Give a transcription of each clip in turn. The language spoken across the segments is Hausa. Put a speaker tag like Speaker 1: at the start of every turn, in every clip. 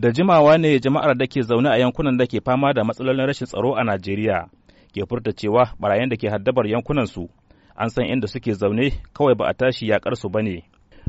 Speaker 1: da jimawa ne jama'ar da ke zaune a yankunan da ke fama da matsalolin rashin tsaro a Najeriya ke furta cewa barayin da ke haddabar yankunan su an san inda suke zaune kawai ba a tashi yakar su bane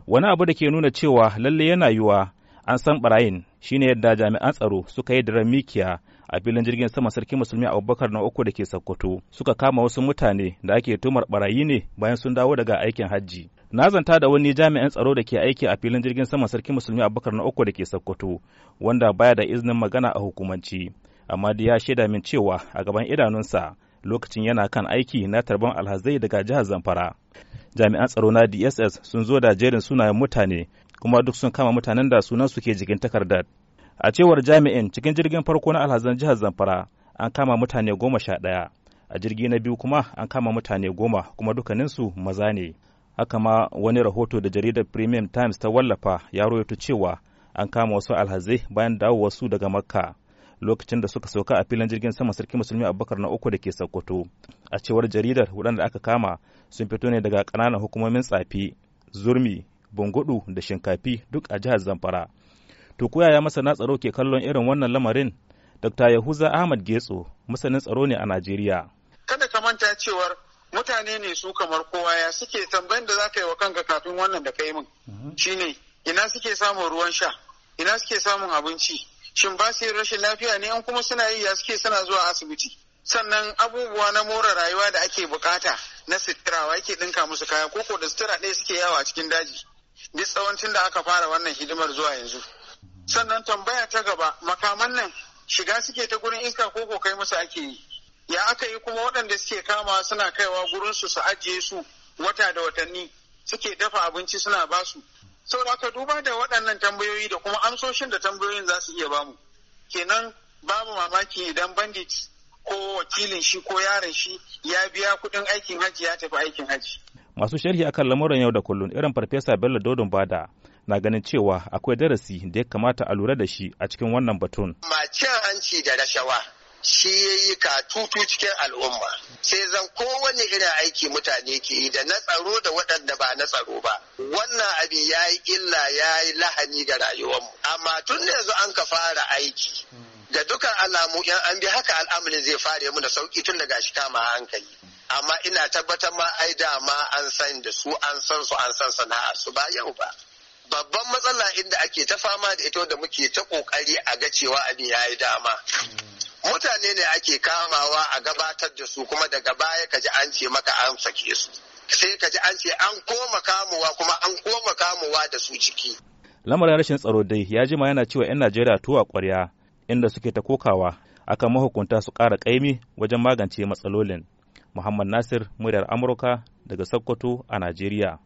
Speaker 1: wani abu da ke nuna cewa lalle yana yiwa an san barayin shine yadda jami'an tsaro suka yi ran mikiya a filin jirgin sama sarki musulmi abubakar na uku da ke sokoto suka kama wasu mutane da ake tumar barayi ne bayan sun dawo daga aikin hajji na zanta da wani jami'an tsaro da ke aiki a filin jirgin sama sarki musulmi abubakar na uku da ke sokoto wanda baya da izinin magana a hukumanci amma da ya shaida min cewa a gaban idanunsa lokacin yana kan aiki na tarban alhazai daga jihar zamfara jami'an tsaro na dss sun zo da jerin sunayen mutane kuma duk sun kama mutanen da sunan su ke jikin takardar a cewar jami'in cikin jirgin farko na alhazan jihar zamfara an kama mutane goma sha ɗaya a jirgi na biyu kuma an kama mutane goma kuma dukaninsu maza ne haka ma wani rahoto da jaridar premium times ta wallafa ya rawaito cewa an kama wasu alhazai bayan dawo wasu daga makka lokacin da suka sauka a filin jirgin sama sarki musulmi abubakar na uku da ke sokoto a cewar jaridar waɗanda aka kama sun fito ne daga ƙananan hukumomin tsafi zurmi bungudu da shinkafi duk a jihar zamfara to ko yaya masana tsaro ke kallon irin wannan lamarin dr yahuza ahmad getso masanin tsaro ne a najeriya
Speaker 2: kada ka manta cewar mutane ne su kamar kowa ya suke tambayin da za ka yi wa kanka kafin wannan da ka yi min mhm. shine ina suke samun ruwan sha ina suke samun abinci shin ba su rashin lafiya ne in kuma suna yi ya suke suna zuwa asibiti sannan abubuwa na more rayuwa da ake bukata na sutura wa yake dinka musu kaya koko da sutura ɗaya suke yawa a cikin daji duk tun da aka fara wannan hidimar zuwa yanzu mhm. sannan tambaya ta gaba makaman nan shiga suke ta gurin iska ko kai musu ake yi ya aka yi kuma waɗanda suke kama suna kaiwa gurinsu su ajiye su wata da watanni suke dafa abinci suna basu saboda aka duba da waɗannan tambayoyi da kuma amsoshin da tambayoyin za su iya bamu kenan babu mamaki idan bandit ko wakilin shi ko yaron shi ya biya kuɗin aikin hajji ya tafi aikin hajji.
Speaker 1: masu sharhi akan lamuran yau da kullum irin farfesa bello dodon bada na ganin cewa akwai darasi da ya kamata a lura da shi a cikin wannan batun.
Speaker 3: mace hanci da rashawa shi ya yi ka tutu cikin al'umma sai zan kowane irin aiki mutane ke yi da na tsaro da waɗanda ba na tsaro ba wannan abin ya yi illa ya yi lahani ga rayuwarmu amma tun da yanzu an ka fara aiki Da dukan alamu in an bi haka al'amarin zai fare mu da sauki tun daga shi kama hankali amma ina tabbatar ma ai dama an san da su an san su an san sana'ar su ba yau ba babban matsala inda ake ta fama da ita da muke ta kokari a ga cewa abin ya yi dama mutane ne ake kamawa a gabatar da su kuma daga baya kaji an ce maka an sake su sai kaji an ce an koma kamowa kuma an koma kamowa
Speaker 1: da su ciki lamarin rashin tsaro dai ya jima yana cewa 'yan najeriya tuwa kwarya inda suke ta kokawa akan mahukunta su kara kaimi wajen magance matsalolin muhammad nasir muryar amurka daga sokoto a najeriya